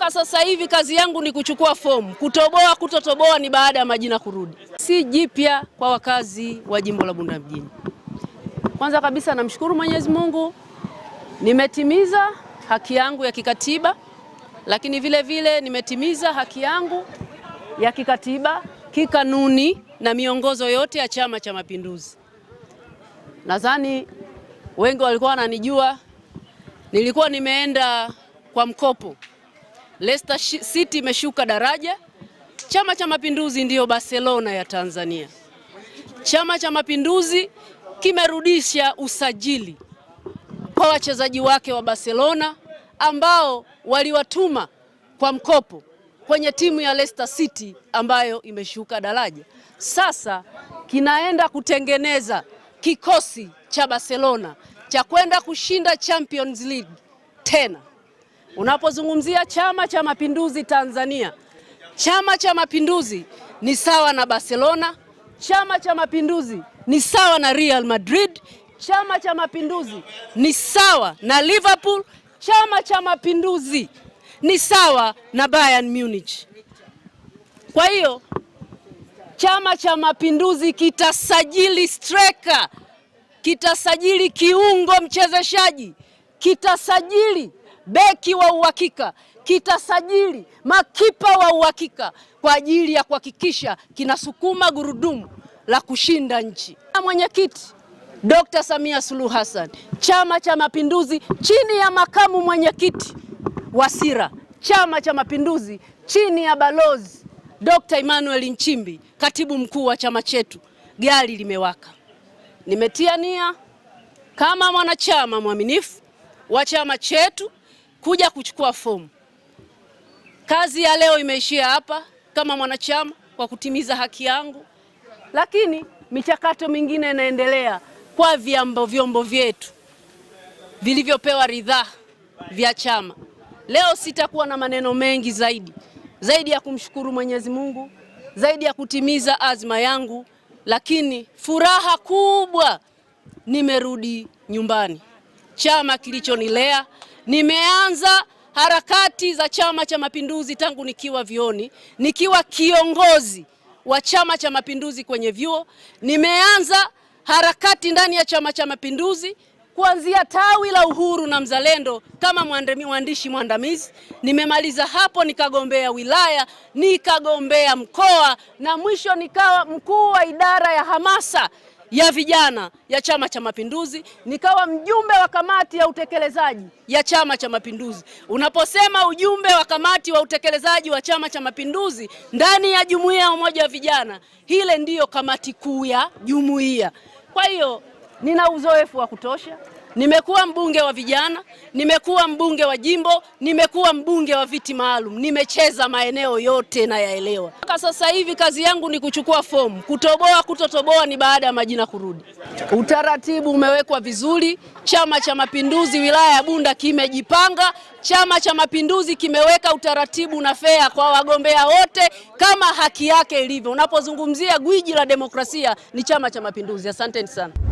Mpaka sasa hivi kazi yangu ni kuchukua fomu, kutoboa kutotoboa ni baada ya majina kurudi. Si jipya kwa wakazi wa jimbo la Bunda mjini. Kwanza kabisa namshukuru Mwenyezi Mungu, nimetimiza haki yangu ya kikatiba, lakini vile vile nimetimiza haki yangu ya kikatiba, kikanuni na miongozo yote ya Chama cha Mapinduzi. Nadhani wengi walikuwa wananijua, nilikuwa nimeenda kwa mkopo Leicester City imeshuka daraja. Chama cha Mapinduzi ndiyo Barcelona ya Tanzania. Chama cha Mapinduzi kimerudisha usajili kwa wachezaji wake wa Barcelona ambao waliwatuma kwa mkopo kwenye timu ya Leicester City ambayo imeshuka daraja. Sasa kinaenda kutengeneza kikosi cha Barcelona cha kwenda kushinda Champions League tena. Unapozungumzia Chama cha Mapinduzi Tanzania, Chama cha Mapinduzi ni sawa na Barcelona, Chama cha Mapinduzi ni sawa na Real Madrid, Chama cha Mapinduzi ni sawa na Liverpool, Chama cha Mapinduzi ni sawa na Bayern Munich. Kwa hiyo Chama cha Mapinduzi kitasajili striker, kitasajili kiungo mchezeshaji, kitasajili beki wa uhakika, kitasajili makipa wa uhakika kwa ajili ya kuhakikisha kinasukuma gurudumu la kushinda nchi. Mwenyekiti Dkt. Samia Suluhu Hassan, Chama cha Mapinduzi chini ya makamu mwenyekiti Wasira, Chama cha Mapinduzi chini ya balozi Dr. Emmanuel Nchimbi, katibu mkuu wa chama chetu, gari limewaka. Nimetia nia kama mwanachama mwaminifu wa chama chetu kuja kuchukua fomu. Kazi ya leo imeishia hapa kama mwanachama kwa kutimiza haki yangu, lakini michakato mingine inaendelea kwa vyombo vyombo vyetu vilivyopewa ridhaa vya chama. Leo sitakuwa na maneno mengi zaidi zaidi ya kumshukuru Mwenyezi Mungu, zaidi ya kutimiza azma yangu, lakini furaha kubwa nimerudi nyumbani, chama kilichonilea Nimeanza harakati za Chama cha Mapinduzi tangu nikiwa vioni, nikiwa kiongozi wa Chama cha Mapinduzi kwenye vyuo. Nimeanza harakati ndani ya Chama cha Mapinduzi kuanzia tawi la Uhuru na Mzalendo kama mwandishi mwandamizi. Nimemaliza hapo nikagombea wilaya, nikagombea mkoa na mwisho nikawa mkuu wa idara ya hamasa ya vijana ya Chama cha Mapinduzi, nikawa mjumbe wa kamati ya utekelezaji ya Chama cha Mapinduzi. Unaposema ujumbe wa kamati wa utekelezaji wa Chama cha Mapinduzi ndani ya jumuiya ya umoja wa vijana, hile ndiyo kamati kuu ya jumuiya. Kwa hiyo nina uzoefu wa kutosha. Nimekuwa mbunge wa vijana, nimekuwa mbunge wa jimbo, nimekuwa mbunge wa viti maalum, nimecheza maeneo yote yaelewa. Mpaka sasa hivi kazi yangu ni kuchukua fomu, kutoboa kutotoboa ni baada ya majina kurudi. Utaratibu umewekwa vizuri. Chama cha Mapinduzi wilaya ya Bunda kimejipanga. Chama cha Mapinduzi kimeweka utaratibu na fea kwa wagombea wote kama haki yake ilivyo. Unapozungumzia gwiji la demokrasia ni Chama cha Mapinduzi. Asanteni sana.